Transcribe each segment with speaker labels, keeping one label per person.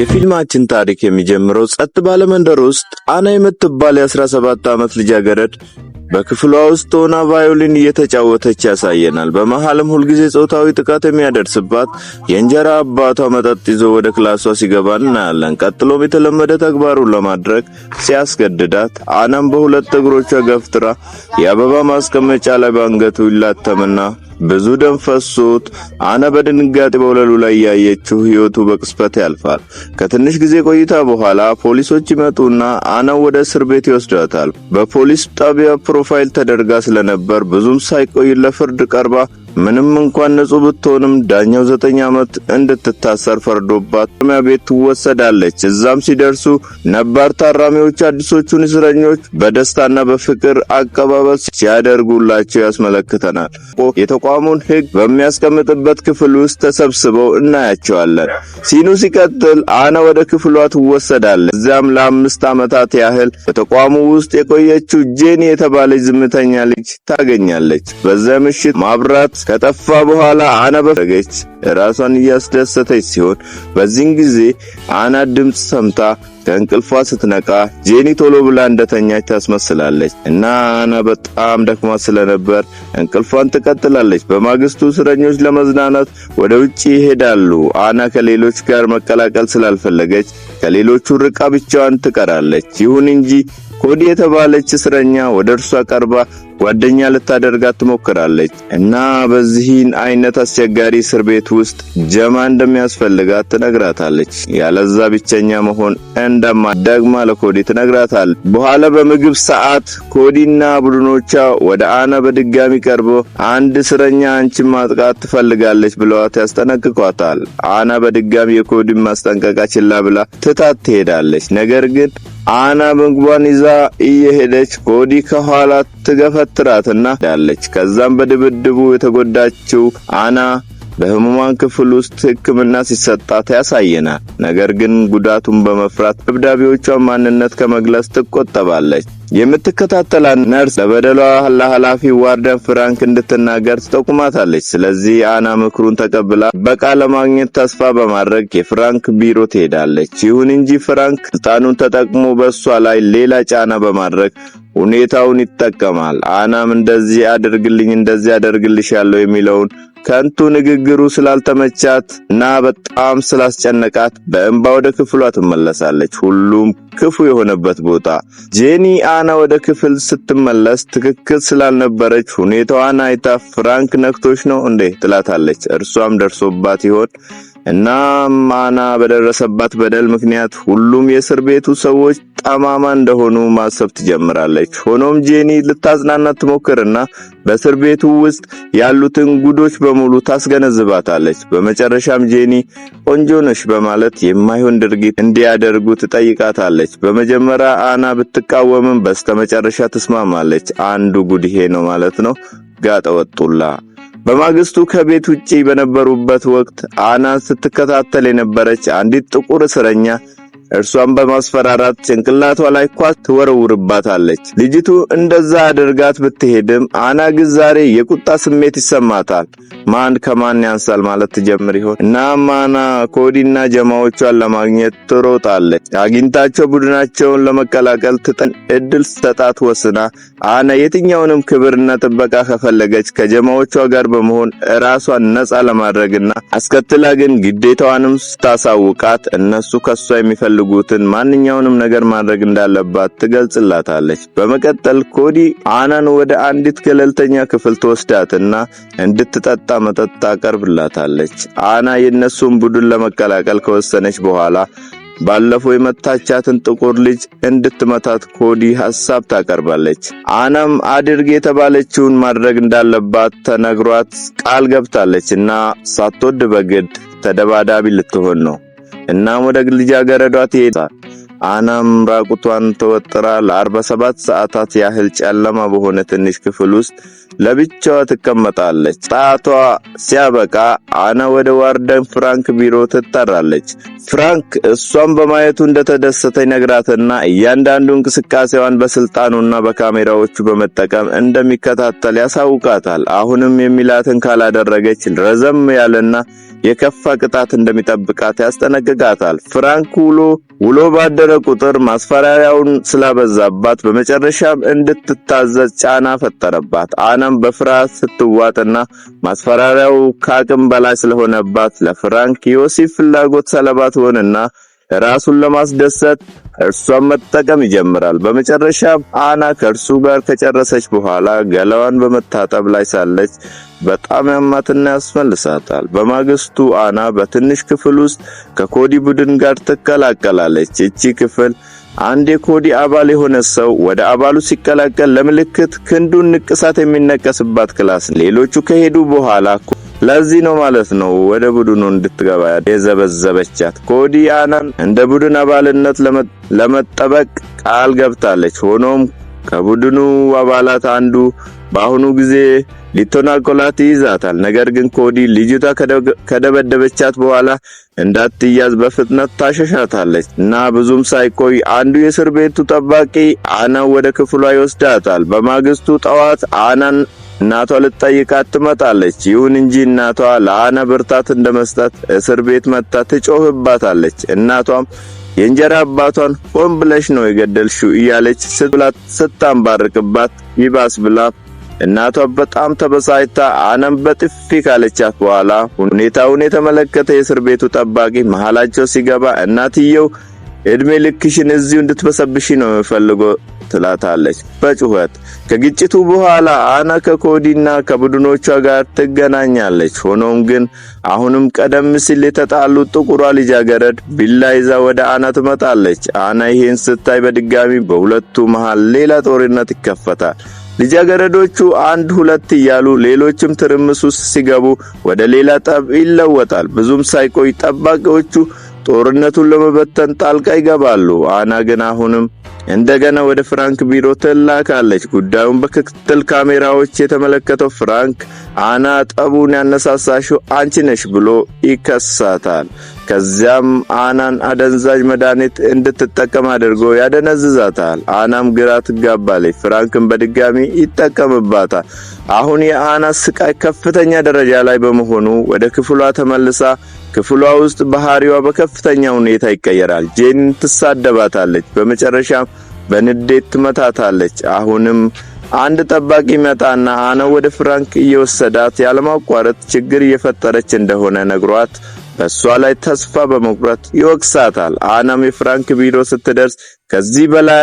Speaker 1: የፊልማችን ታሪክ የሚጀምረው ጸጥ ባለመንደር ውስጥ አና የምትባል የ17 ዓመት ልጃገረድ በክፍሏ ውስጥ ሆና ቫዮሊን እየተጫወተች ያሳየናል። በመሃልም ሁልጊዜ ጾታዊ ጥቃት የሚያደርስባት የእንጀራ አባቷ መጠጥ ይዞ ወደ ክላሷ ሲገባ እናያለን። ቀጥሎም የተለመደ ተግባሩን ለማድረግ ሲያስገድዳት አናም በሁለት እግሮቿ ገፍትራ የአበባ ማስቀመጫ ላይ በአንገቱ ይላተምና ብዙ ደም ፈሶት አነ በድንጋጤ በወለሉ ላይ ያየችው ህይወቱ በቅስፈት ያልፋል። ከትንሽ ጊዜ ቆይታ በኋላ ፖሊሶች ይመጡና አነ ወደ እስር ቤት ይወስዷታል። በፖሊስ ጣቢያ ፕሮ ፕሮፋይል ተደርጋ ስለነበር ብዙም ሳይቆይ ለፍርድ ቀርባ ምንም እንኳን ንጹህ ብትሆንም ዳኛው ዘጠኝ ዓመት እንድትታሰር ፈርዶባት ማረሚያ ቤት ትወሰዳለች። እዛም ሲደርሱ ነባር ታራሚዎች አዲሶቹን እስረኞች በደስታና በፍቅር አቀባበል ሲያደርጉላቸው ያስመለክተናል። የተቋሙን ሕግ በሚያስቀምጥበት ክፍል ውስጥ ተሰብስበው እናያቸዋለን። ሲኑ ሲቀጥል አና ወደ ክፍሏ ትወሰዳለች። እዚያም ለአምስት ዓመታት ያህል በተቋሙ ውስጥ የቆየችው ጄኒ የተባለች ዝምተኛ ልጅ ታገኛለች። በዚያ ምሽት ማብራት ከጠፋ በኋላ አና በፈለገች ራሷን እያስደሰተች ሲሆን በዚህን ጊዜ አና ድምፅ ሰምታ ከእንቅልፏ ስትነቃ ጄኒ ቶሎ ብላ እንደተኛች ታስመስላለች እና አና በጣም ደክማ ስለነበር እንቅልፏን ትቀጥላለች። በማግስቱ እስረኞች ለመዝናናት ወደ ውጪ ይሄዳሉ። አና ከሌሎች ጋር መቀላቀል ስላልፈለገች ከሌሎቹ ርቃ ብቻዋን ትቀራለች። ይሁን እንጂ ኮዲ የተባለች እስረኛ ወደ እርሷ ቀርባ ጓደኛ ልታደርጋት ትሞክራለች እና በዚህን አይነት አስቸጋሪ እስር ቤት ውስጥ ጀማ እንደሚያስፈልጋት ትነግራታለች። ያለዛ ብቸኛ መሆን እንደማ ደግማ ለኮዲ ትነግራታለች። በኋላ በምግብ ሰዓት ኮዲና ቡድኖቿ ወደ አና በድጋሚ ቀርቦ አንድ እስረኛ አንቺን ማጥቃት ትፈልጋለች ብለዋት ያስጠነቅቋታል። አና በድጋሚ የኮዲን ማስጠንቀቂያ ችላ ብላ ትታት ትሄዳለች። ነገር ግን አና ምግቧን ይዛ እየሄደች ጎዲ ከኋላ ትገፈትራትና ዳለች። ከዛም በድብድቡ የተጎዳችው አና በህሙማን ክፍል ውስጥ ሕክምና ሲሰጣት ያሳየናል። ነገር ግን ጉዳቱን በመፍራት ደብዳቤዎቿን ማንነት ከመግለጽ ትቆጠባለች። የምትከታተላት ነርስ ለበደሏ ለኃላፊ ዋርደን ፍራንክ እንድትናገር ትጠቁማታለች። ስለዚህ አና ምክሩን ተቀብላ በቃ ለማግኘት ተስፋ በማድረግ የፍራንክ ቢሮ ትሄዳለች። ይሁን እንጂ ፍራንክ ስልጣኑን ተጠቅሞ በእሷ ላይ ሌላ ጫና በማድረግ ሁኔታውን ይጠቀማል። አናም እንደዚህ አድርግልኝ እንደዚህ አደርግልሽ ያለው የሚለውን ከንቱ ንግግሩ ስላልተመቻት እና በጣም ስላስጨነቃት በእንባ ወደ ክፍሏ ትመለሳለች። ሁሉም ክፉ የሆነበት ቦታ ጄኒ አና ወደ ክፍል ስትመለስ ትክክል ስላልነበረች ሁኔታዋን አይታ ፍራንክ ነክቶች ነው እንዴ ትላታለች። እርሷም ደርሶባት ይሆን እናም አና በደረሰባት በደል ምክንያት ሁሉም የእስር ቤቱ ሰዎች ጠማማ እንደሆኑ ማሰብ ትጀምራለች። ሆኖም ጄኒ ልታዝናናት ትሞክርና በእስር ቤቱ ውስጥ ያሉትን ጉዶች በሙሉ ታስገነዝባታለች። በመጨረሻም ጄኒ ቆንጆ ነሽ በማለት የማይሆን ድርጊት እንዲያደርጉ ትጠይቃታለች። በመጀመሪያ አና ብትቃወምም በስተመጨረሻ ትስማማለች። አንዱ ጉድ ይሄ ነው ማለት ነው። ጋጠወጡላ በማግስቱ ከቤት ውጪ በነበሩበት ወቅት አና ስትከታተል የነበረች አንዲት ጥቁር እስረኛ እርሷም በማስፈራራት ጭንቅላቷ ላይ ኳስ ትወረውርባታለች። ልጅቱ እንደዛ አድርጋት ብትሄድም አና ግን ዛሬ የቁጣ ስሜት ይሰማታል። ማን ከማን ያንሳል ማለት ትጀምር ይሆን? እናም አና ኮዲና ጀማዎቿን ለማግኘት ትሮጣለች። አግኝታቸው ቡድናቸውን ለመቀላቀል ትጠን እድል ስተጣት ወስና አና የትኛውንም ክብርና ጥበቃ ከፈለገች ከጀማዎቿ ጋር በመሆን ራሷን ነፃ ለማድረግና አስከትላ ግን ግዴታዋንም ስታሳውቃት እነሱ ከሷ የሚፈልጉ የሚፈልጉትን ማንኛውንም ነገር ማድረግ እንዳለባት ትገልጽላታለች። በመቀጠል ኮዲ አናን ወደ አንዲት ገለልተኛ ክፍል ትወስዳትና እንድትጠጣ መጠጥ ታቀርብላታለች። አና የእነሱን ቡድን ለመቀላቀል ከወሰነች በኋላ ባለፈው የመታቻትን ጥቁር ልጅ እንድትመታት ኮዲ ሐሳብ ታቀርባለች። አናም አድርግ የተባለችውን ማድረግ እንዳለባት ተነግሯት ቃል ገብታለች እና ሳትወድ በግድ ተደባዳቢ ልትሆን ነው። እናም ወደ ልጃገረዷ ትሄዳል። አናም ራቁቷን ተወጥራ ለ47 ሰዓታት ያህል ጨለማ በሆነ ትንሽ ክፍል ውስጥ ለብቻዋ ትቀመጣለች። ጣቷ ሲያበቃ አና ወደ ዋርደን ፍራንክ ቢሮ ትጠራለች። ፍራንክ እሷን በማየቱ እንደተደሰተ ይነግራትና እያንዳንዱ እንቅስቃሴዋን በስልጣኑና በካሜራዎቹ በመጠቀም እንደሚከታተል ያሳውቃታል። አሁንም የሚላትን ካላደረገች ረዘም ያለና የከፋ ቅጣት እንደሚጠብቃት ያስጠነቅቃታል። ፍራንክ ውሎ ውሎ ባደረ ቁጥር ማስፈራሪያውን ስላበዛባት በመጨረሻም እንድትታዘዝ ጫና ፈጠረባት። አናም በፍርሃት ስትዋጥና ማስፈራሪያው ከአቅም በላይ ስለሆነባት ለፍራንክ ዮሴፍ ፍላጎት ሰለባ ትሆንና ራሱን ለማስደሰት እርሷን መጠቀም ይጀምራል። በመጨረሻ አና ከእርሱ ጋር ከጨረሰች በኋላ ገላዋን በመታጠብ ላይ ሳለች በጣም ያማትና ያስመልሳታል። በማግስቱ አና በትንሽ ክፍል ውስጥ ከኮዲ ቡድን ጋር ትቀላቀላለች። እቺ ክፍል አንድ የኮዲ አባል የሆነ ሰው ወደ አባሉ ሲቀላቀል ለምልክት ክንዱን ንቅሳት የሚነቀስባት ክላስ። ሌሎቹ ከሄዱ በኋላ ለዚህ ነው ማለት ነው ወደ ቡድኑ እንድትገባ የዘበዘበቻት። ኮዲ አናን እንደ ቡድን አባልነት ለመጠበቅ ቃል ገብታለች። ሆኖም ከቡድኑ አባላት አንዱ በአሁኑ ጊዜ ሊቶናል ኮላቲ ይዛታል። ነገር ግን ኮዲ ልጅቷ ከደበደበቻት በኋላ እንዳትያዝ በፍጥነት ታሸሻታለች እና ብዙም ሳይቆይ አንዱ የእስር ቤቱ ጠባቂ አናን ወደ ክፍሏ ይወስዳታል። በማግስቱ ጠዋት አናን እናቷ ልትጠይቃት ትመጣለች። ይሁን እንጂ እናቷ ለአነ ብርታት እንደመስጠት እስር ቤት መጥታ ትጮህባታለች። እናቷም የእንጀራ አባቷን ሆን ብለሽ ነው የገደልሽው እያለች ስትብላት ስታንባርቅባት ይባስ ብላ እናቷ በጣም ተበሳጭታ አነም በጥፊ ካለቻት በኋላ ሁኔታውን የተመለከተ የእስር ቤቱ ጠባቂ መሃላቸው ሲገባ እናትየው እድሜ ልክሽን እዚሁ እንድትበሰብሽ ነው የምፈልገው ትላታለች በጩኸት። ከግጭቱ በኋላ አና ከኮዲና ከቡድኖቿ ጋር ትገናኛለች። ሆኖም ግን አሁንም ቀደም ሲል የተጣሉት ጥቁሯ ልጃገረድ ቢላ ይዛ ወደ አና ትመጣለች። አና ይህን ስታይ በድጋሚ በሁለቱ መሃል ሌላ ጦርነት ይከፈታል። ልጃገረዶቹ አንድ ሁለት እያሉ ሌሎችም ትርምስ ውስጥ ሲገቡ ወደ ሌላ ጠብ ይለወጣል። ብዙም ሳይቆይ ጠባቂዎቹ ጦርነቱን ለመበተን ጣልቃ ይገባሉ። አና ግን አሁንም እንደገና ወደ ፍራንክ ቢሮ ትላካለች። ጉዳዩን በክትትል ካሜራዎች የተመለከተው ፍራንክ አና ጠቡን ያነሳሳሽው አንቺ ነሽ ብሎ ይከሳታል። ከዚያም አናን አደንዛዥ መድኃኒት እንድትጠቀም አድርጎ ያደነዝዛታል። አናም ግራ ትጋባለች። ፍራንክን በድጋሚ ይጠቀምባታል። አሁን የአና ስቃይ ከፍተኛ ደረጃ ላይ በመሆኑ ወደ ክፍሏ ተመልሳ ክፍሏ ውስጥ ባህሪዋ በከፍተኛ ሁኔታ ይቀየራል። ጄን ትሳደባታለች፣ በመጨረሻም በንዴት ትመታታለች። አሁንም አንድ ጠባቂ መጣና አነ ወደ ፍራንክ እየወሰዳት ያለማቋረጥ ችግር እየፈጠረች እንደሆነ ነግሯት በእሷ ላይ ተስፋ በመቁረጥ ይወቅሳታል። አናም የፍራንክ ቢሮ ስትደርስ ከዚህ በላይ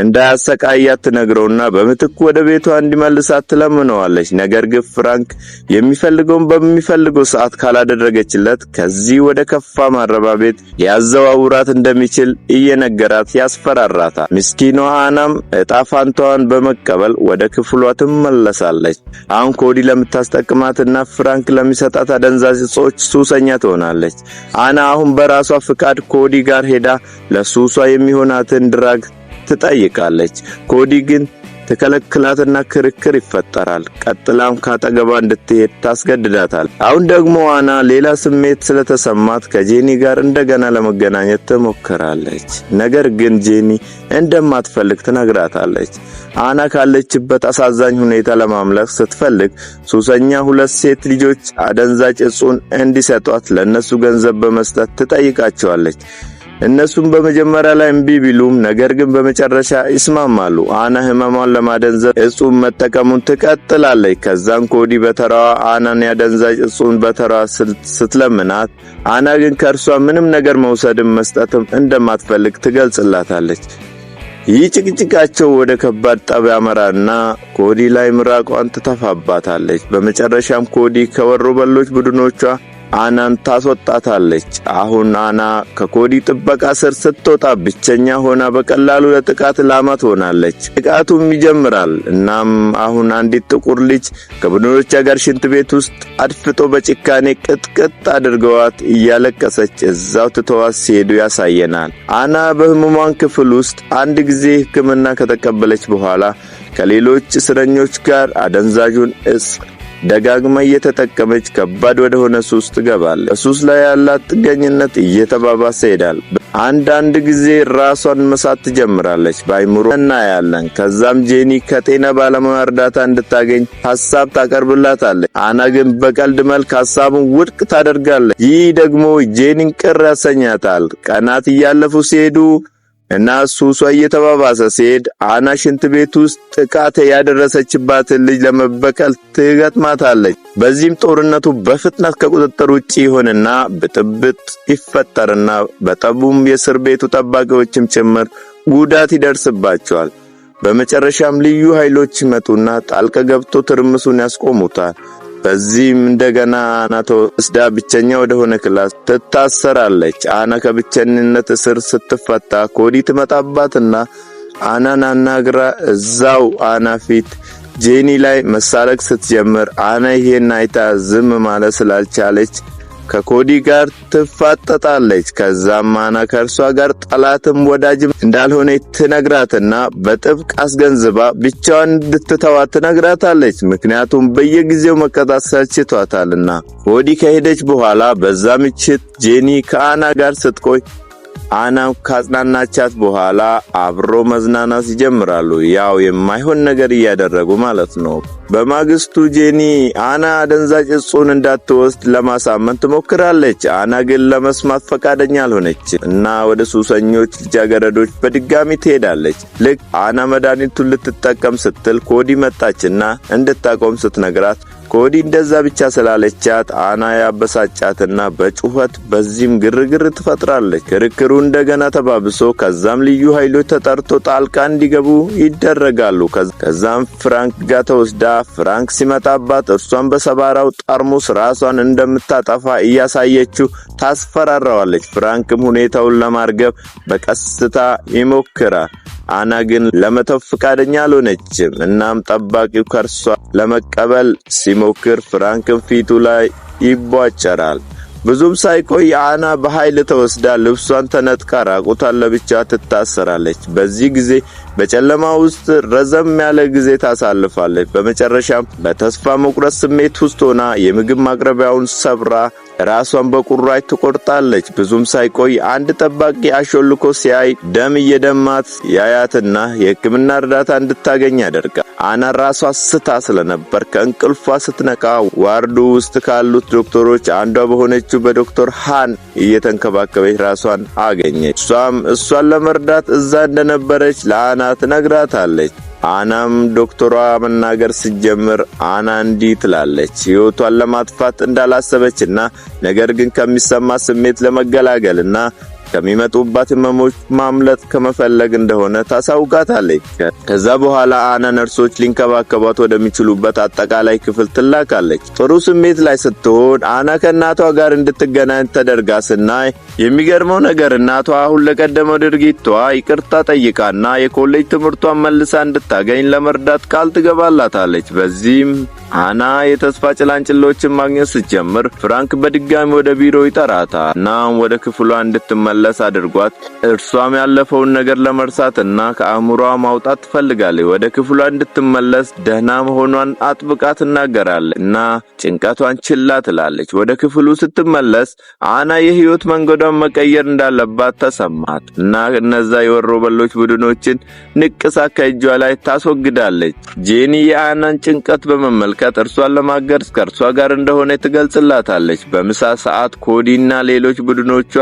Speaker 1: እንዳያሰቃያት ትነግረውና በምትኩ ወደ ቤቷ እንዲመልሳት ትለምነዋለች። ነገር ግን ፍራንክ የሚፈልገውን በሚፈልገው ሰዓት ካላደረገችለት ከዚህ ወደ ከፋ ማረባ ቤት ሊያዘዋውራት እንደሚችል እየነገራት ያስፈራራታል። ምስኪኗ አናም እጣ ፋንታዋን በመቀበል ወደ ክፍሏ ትመለሳለች። አሁን ኮዲ ለምታስጠቅማትና ፍራንክ ለሚሰጣት አደንዛዥ እጾች ሱሰኛ ትሆናለች። አና አሁን በራሷ ፍቃድ ኮዲ ጋር ሄዳ ለሱሷ የሚሆናትን ድራግ ትጠይቃለች። ኮዲ ግን ትከለክላትና ክርክር ይፈጠራል። ቀጥላም ካጠገቧ እንድትሄድ ታስገድዳታል። አሁን ደግሞ ዋና ሌላ ስሜት ስለተሰማት ከጄኒ ጋር እንደገና ለመገናኘት ትሞክራለች። ነገር ግን ጄኒ እንደማትፈልግ ትነግራታለች። አና ካለችበት አሳዛኝ ሁኔታ ለማምለክ ስትፈልግ ሱሰኛ ሁለት ሴት ልጆች አደንዛጭ እጹን እንዲሰጧት ለእነሱ ገንዘብ በመስጠት ትጠይቃቸዋለች። እነሱም በመጀመሪያ ላይ እምቢ ቢሉም ነገር ግን በመጨረሻ ይስማማሉ። አና ህመሟን ለማደንዘብ እጹን መጠቀሙን ትቀጥላለች። ከዛም ኮዲ በተራዋ አናን ያደንዛዥ እጹን በተራዋ ስትለምናት፣ አና ግን ከእርሷ ምንም ነገር መውሰድም መስጠትም እንደማትፈልግ ትገልጽላታለች። ይህ ጭቅጭቃቸው ወደ ከባድ ጠብ ያመራና ኮዲ ላይ ምራቋን ትተፋባታለች። በመጨረሻም ኮዲ ከወሮበሎች ቡድኖቿ አናን ታስወጣታለች። አሁን አና ከኮዲ ጥበቃ ስር ስትወጣ ብቸኛ ሆና በቀላሉ ለጥቃት ላማ ትሆናለች። ጥቃቱም ይጀምራል። እናም አሁን አንዲት ጥቁር ልጅ ከቡድኖቿ ጋር ሽንት ቤት ውስጥ አድፍጦ በጭካኔ ቅጥቅጥ አድርገዋት እያለቀሰች እዛው ትተዋት ሲሄዱ ያሳየናል። አና በህሙሟን ክፍል ውስጥ አንድ ጊዜ ሕክምና ከተቀበለች በኋላ ከሌሎች እስረኞች ጋር አደንዛዡን እጽ ደጋግማ እየተጠቀመች ከባድ ወደሆነ ሱስ ትገባለች። ሱስ ላይ ያላት ጥገኝነት እየተባባሰ ይሄዳል። አንዳንድ ጊዜ ራሷን መሳት ትጀምራለች። በአይምሮ እናያለን። ከዛም ጄኒ ከጤና ባለሙያ እርዳታ እንድታገኝ ሀሳብ ታቀርብላታለች። አና ግን በቀልድ መልክ ሀሳቡን ውድቅ ታደርጋለች። ይህ ደግሞ ጄኒን ቅር ያሰኛታል። ቀናት እያለፉ ሲሄዱ እና ሱሷ እየተባባሰ ሲሄድ አና ሽንት ቤት ውስጥ ጥቃት ያደረሰችባትን ልጅ ለመበቀል ትገጥማታለች። በዚህም ጦርነቱ በፍጥነት ከቁጥጥር ውጭ ይሆንና ብጥብጥ ይፈጠርና በጠቡም የእስር ቤቱ ጠባቂዎችም ጭምር ጉዳት ይደርስባቸዋል። በመጨረሻም ልዩ ኃይሎች ይመጡና ጣልቀ ገብቶ ትርምሱን ያስቆሙታል። በዚህም እንደገና አናቶ እስዳ ብቸኛ ሆነ ክላስ ትታሰራለች። አና ከብቸኝነት እስር ስትፈታ ኮዲ ትመጣባትና አናን አናግራ እዛው አና ፊት ጄኒ ላይ መሳለቅ ስትጀምር አና ይሄን አይታ ዝም ማለት ስላልቻለች ከኮዲ ጋር ትፋጠጣለች። ከዛም አና ከእርሷ ጋር ጠላትም ወዳጅም እንዳልሆነ ትነግራትና በጥብቅ አስገንዝባ ብቻዋን እንድትተዋ ትነግራታለች። ምክንያቱም በየጊዜው መቀጣት ሰልችቷታልና። ኮዲ ከሄደች በኋላ በዛ ምችት ጄኒ ከአና ጋር ስትቆይ አናም ካጽናናቻት በኋላ አብሮ መዝናናት ይጀምራሉ። ያው የማይሆን ነገር እያደረጉ ማለት ነው። በማግስቱ ጄኒ አና አደንዛዥ እጹን እንዳትወስድ ለማሳመን ትሞክራለች። አና ግን ለመስማት ፈቃደኛ አልሆነች እና ወደ ሱሰኞች ልጃገረዶች በድጋሚ ትሄዳለች። ልክ አና መድኃኒቱን ልትጠቀም ስትል ኮዲ መጣችና እንድታቆም ስትነግራት ኮዲ እንደዛ ብቻ ስላለቻት አና ያበሳጫትና በጩኸት በዚህም ግርግር ትፈጥራለች። ክርክሩ እንደገና ተባብሶ ከዛም ልዩ ኃይሎች ተጠርቶ ጣልቃ እንዲገቡ ይደረጋሉ። ከዛም ፍራንክ ጋር ተወስዳ ፍራንክ ሲመጣባት እርሷን በሰባራው ጠርሙስ ራሷን እንደምታጠፋ እያሳየችው ታስፈራራዋለች። ፍራንክም ሁኔታውን ለማርገብ በቀስታ ይሞክራል። አና ግን ለመተው ፈቃደኛ አልሆነችም። እናም ጠባቂው ከርሷ ለመቀበል ሲሞክር ፍራንክን ፊቱ ላይ ይቧጨራል። ብዙም ሳይቆይ አና በኃይል ተወስዳ ልብሷን ተነጥቃ ራቁቷን ለብቻ ትታሰራለች። በዚህ ጊዜ በጨለማ ውስጥ ረዘም ያለ ጊዜ ታሳልፋለች። በመጨረሻም በተስፋ መቁረጥ ስሜት ውስጥ ሆና የምግብ ማቅረቢያውን ሰብራ ራሷን በቁራጭ ትቆርጣለች። ብዙም ሳይቆይ አንድ ጠባቂ አሾልኮ ሲያይ ደም እየደማት ያያትና የሕክምና እርዳታ እንድታገኝ ያደርጋል። አና ራሷ ስታ ስለነበር ከእንቅልፏ ስትነቃ ዋርዱ ውስጥ ካሉት ዶክተሮች አንዷ በሆነችው በዶክተር ሃን እየተንከባከበች ራሷን አገኘች። እሷም እሷን ለመርዳት እዛ እንደነበረች ለአና ትነግራታለች። አናም ዶክተሯ መናገር ስትጀምር አና እንዲህ ትላለች። ሕይወቷን ለማጥፋት እንዳላሰበችና ነገር ግን ከሚሰማ ስሜት ለመገላገልና ከሚመጡባት ህመሞች ማምለጥ ከመፈለግ እንደሆነ ታሳውቃታለች። ከዛ በኋላ አና ነርሶች ሊንከባከቧት ወደሚችሉበት አጠቃላይ ክፍል ትላካለች። ጥሩ ስሜት ላይ ስትሆን አና ከእናቷ ጋር እንድትገናኝ ተደርጋ ስናይ የሚገርመው ነገር እናቷ አሁን ለቀደመው ድርጊቷ ይቅርታ ጠይቃና የኮሌጅ ትምህርቷን መልሳ እንድታገኝ ለመርዳት ቃል ትገባላታለች። በዚህም አና የተስፋ ጭላንጭሎችን ማግኘት ስትጀምር ፍራንክ በድጋሚ ወደ ቢሮ ይጠራታ እናም ወደ ክፍሏ እንድትመለ እንድትመለስ አድርጓት። እርሷም ያለፈውን ነገር ለመርሳትና ከአእምሯ ማውጣት ትፈልጋለች። ወደ ክፍሏ እንድትመለስ ደህና መሆኗን አጥብቃ ትናገራለች እና ጭንቀቷን ችላ ትላለች። ወደ ክፍሉ ስትመለስ አና የህይወት መንገዷን መቀየር እንዳለባት ተሰማት እና እነዛ የወሮ በሎች ቡድኖችን ንቅሳ ከእጇ ላይ ታስወግዳለች። ጄኒ የአናን ጭንቀት በመመልከት እርሷን ለማገዝ ከእርሷ ጋር እንደሆነ ትገልጽላታለች። በምሳ ሰዓት ኮዲና ሌሎች ቡድኖቿ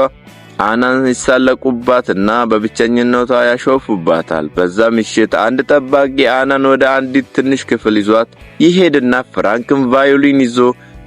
Speaker 1: አናን ይሳለቁባትና በብቸኝነቷ ያሾፉባታል። በዛ ምሽት አንድ ጠባቂ አናን ወደ አንዲት ትንሽ ክፍል ይዟት ይሄድና ፍራንክን ቫዮሊን ይዞ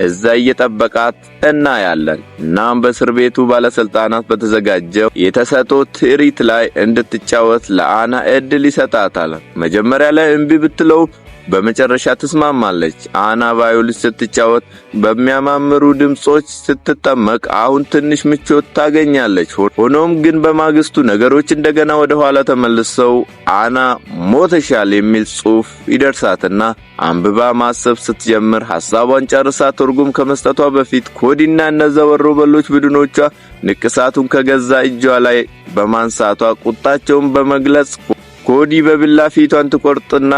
Speaker 1: እዛ እየጠበቃት እናያለን። እናም በእስር ቤቱ ባለስልጣናት በተዘጋጀው የተሰጦ ትርኢት ላይ እንድትጫወት ለአና እድል ይሰጣታል። መጀመሪያ ላይ እምቢ ብትለው በመጨረሻ ትስማማለች። አና ቫዮሊን ስትጫወት በሚያማምሩ ድምጾች ስትጠመቅ አሁን ትንሽ ምቾት ታገኛለች። ሆኖም ግን በማግስቱ ነገሮች እንደገና ወደ ኋላ ተመልሰው አና ሞተሻል የሚል ጽሑፍ ይደርሳትና አንብባ ማሰብ ስትጀምር ሐሳቧን ጨርሳ ትርጉም ከመስጠቷ በፊት ኮዲና እነዛ ወሮበሎች ቡድኖቿ ንቅሳቱን ከገዛ እጇ ላይ በማንሳቷ ቁጣቸውን በመግለጽ ኮዲ በብላ ፊቷን ትቆርጥና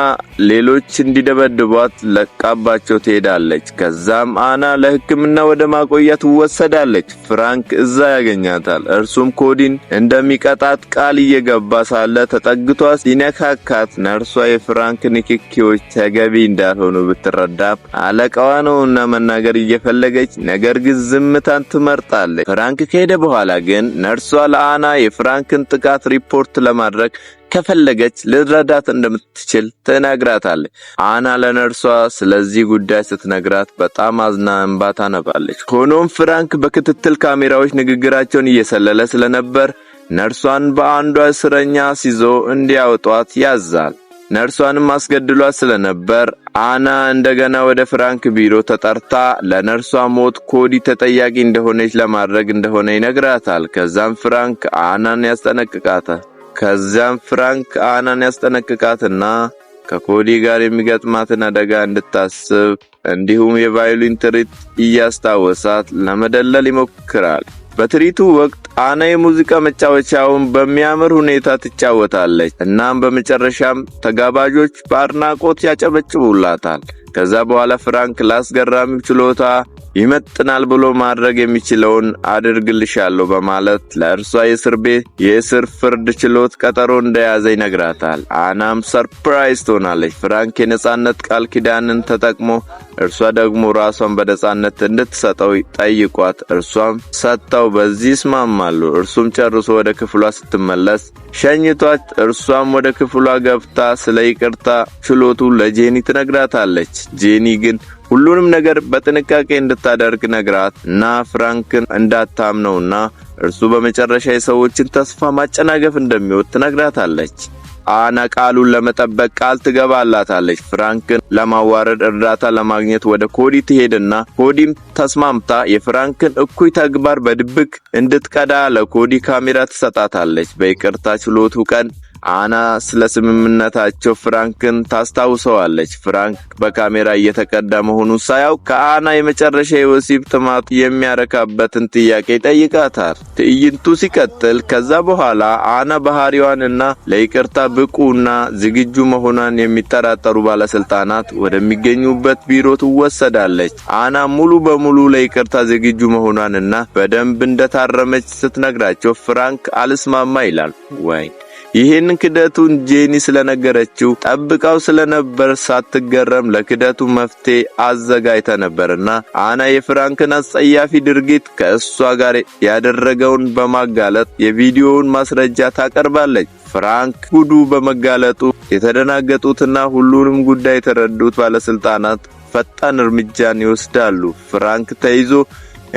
Speaker 1: ሌሎች እንዲደበድቧት ለቃባቸው ትሄዳለች። ከዛም አና ለሕክምና ወደ ማቆያ ትወሰዳለች። ፍራንክ እዛ ያገኛታል። እርሱም ኮዲን እንደሚቀጣት ቃል እየገባ ሳለ ተጠግቷ ሲነካካት ነርሷ የፍራንክ ንክኪዎች ተገቢ እንዳልሆኑ ብትረዳም አለቃዋ ነውና መናገር እየፈለገች ነገር ግን ዝምታን ትመርጣለች። ፍራንክ ከሄደ በኋላ ግን ነርሷ ለአና የፍራንክን ጥቃት ሪፖርት ለማድረግ ከፈለገች ልረዳት እንደምትችል ትነግራታለች። አና ለነርሷ ስለዚህ ጉዳይ ስትነግራት በጣም አዝና እንባ ታነባለች። ሆኖም ፍራንክ በክትትል ካሜራዎች ንግግራቸውን እየሰለለ ስለነበር ነርሷን በአንዷ እስረኛ ሲዞ እንዲያወጧት ያዛል። ነርሷንም አስገድሏት ስለነበር አና እንደገና ወደ ፍራንክ ቢሮ ተጠርታ ለነርሷ ሞት ኮዲ ተጠያቂ እንደሆነች ለማድረግ እንደሆነ ይነግራታል። ከዛም ፍራንክ አናን ያስጠነቅቃታል። ከዚያም ፍራንክ አናን ያስጠነቅቃትና ከኮዲ ጋር የሚገጥማትን አደጋ እንድታስብ እንዲሁም የቫዮሊን ትርኢት እያስታወሳት ለመደለል ይሞክራል። በትርኢቱ ወቅት አና የሙዚቃ መጫወቻውን በሚያምር ሁኔታ ትጫወታለች። እናም በመጨረሻም ተጋባዦች በአድናቆት ያጨበጭቡላታል። ከዛ በኋላ ፍራንክ ላስገራሚው ችሎታ ይመጥናል ብሎ ማድረግ የሚችለውን አድርግልሻለሁ በማለት ለእርሷ የእስር ቤት የእስር ፍርድ ችሎት ቀጠሮ እንደያዘ ይነግራታል። አናም ሰርፕራይዝ ትሆናለች። ፍራንክ የነጻነት ቃል ኪዳንን ተጠቅሞ እርሷ ደግሞ ራሷን በነጻነት እንድትሰጠው ጠይቋት፣ እርሷም ሰጥተው በዚህ ይስማማሉ። እርሱም ጨርሶ ወደ ክፍሏ ስትመለስ ሸኝቷት፣ እርሷም ወደ ክፍሏ ገብታ ስለ ይቅርታ ችሎቱ ለጄኒ ትነግራታለች። ጄኒ ግን ሁሉንም ነገር በጥንቃቄ እንድታደርግ ነግራት እና ፍራንክን እንዳታምነውና እርሱ በመጨረሻ የሰዎችን ተስፋ ማጨናገፍ እንደሚወድ ትነግራታለች። አና ቃሉን ለመጠበቅ ቃል ትገባላታለች። ፍራንክን ለማዋረድ እርዳታ ለማግኘት ወደ ኮዲ ትሄድና ኮዲም ተስማምታ የፍራንክን እኩይ ተግባር በድብቅ እንድትቀዳ ለኮዲ ካሜራ ትሰጣታለች። በይቅርታ ችሎቱ ቀን አና ስለ ስምምነታቸው ፍራንክን ታስታውሰዋለች። ፍራንክ በካሜራ እየተቀዳ መሆኑ ሳያውቅ ከአና የመጨረሻ የወሲብ ጥማት የሚያረካበትን ጥያቄ ይጠይቃታል። ትዕይንቱ ሲቀጥል ከዛ በኋላ አና ባህሪዋንና ለይቅርታ ብቁና ዝግጁ መሆኗን የሚጠራጠሩ ባለስልጣናት ወደሚገኙበት ቢሮ ትወሰዳለች። አና ሙሉ በሙሉ ለይቅርታ ዝግጁ መሆኗንና በደንብ እንደታረመች ስትነግራቸው ፍራንክ አልስማማ ይላል ወይ ይህን ክደቱን ጄኒ ስለነገረችው ጠብቀው ስለነበር ሳትገረም ለክደቱ መፍትሄ አዘጋጅታ ነበርና አና የፍራንክን አጸያፊ ድርጊት ከእሷ ጋር ያደረገውን በማጋለጥ የቪዲዮውን ማስረጃ ታቀርባለች። ፍራንክ ጉዱ በመጋለጡ የተደናገጡትና ሁሉንም ጉዳይ የተረዱት ባለስልጣናት ፈጣን እርምጃን ይወስዳሉ። ፍራንክ ተይዞ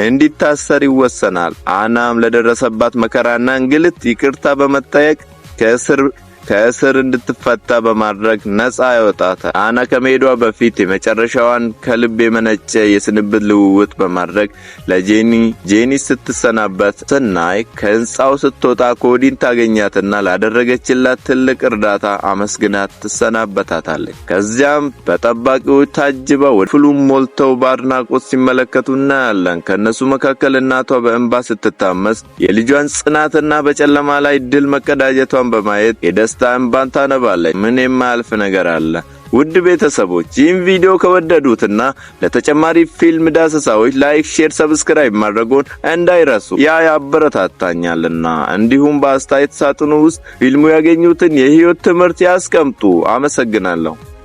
Speaker 1: እንዲታሰር ይወሰናል። አናም ለደረሰባት መከራና እንግልት ይቅርታ በመጠየቅ que debe ser ከእስር እንድትፈታ በማድረግ ነጻ ያወጣታል። አና ከመሄዷ በፊት የመጨረሻዋን ከልብ የመነጨ የስንብት ልውውጥ በማድረግ ለጄኒ ጄኒ ስትሰናበት ስናይ ከህንፃው ስትወጣ ኮዲን ታገኛትና ላደረገችላት ትልቅ እርዳታ አመስግናት ትሰናበታታለች። ከዚያም በጠባቂዎች ታጅባ ወደ ፍሉም ሞልተው በአድናቆት ሲመለከቱ እናያለን። ከእነሱ መካከል እናቷ በእንባ ስትታመስ የልጇን ጽናትና በጨለማ ላይ ድል መቀዳጀቷን በማየት የደስ በደስታ እንባን ታነባለች። ምን የማያልፍ ነገር አለ? ውድ ቤተሰቦች ይህን ቪዲዮ ከወደዱትና ለተጨማሪ ፊልም ዳሰሳዎች ላይክ፣ ሼር፣ ሰብስክራይብ ማድረጎን እንዳይረሱ ያ ያበረታታኛልና። እንዲሁም በአስተያየት ሳጥኑ ውስጥ ፊልሙ ያገኙትን የህይወት ትምህርት ያስቀምጡ። አመሰግናለሁ።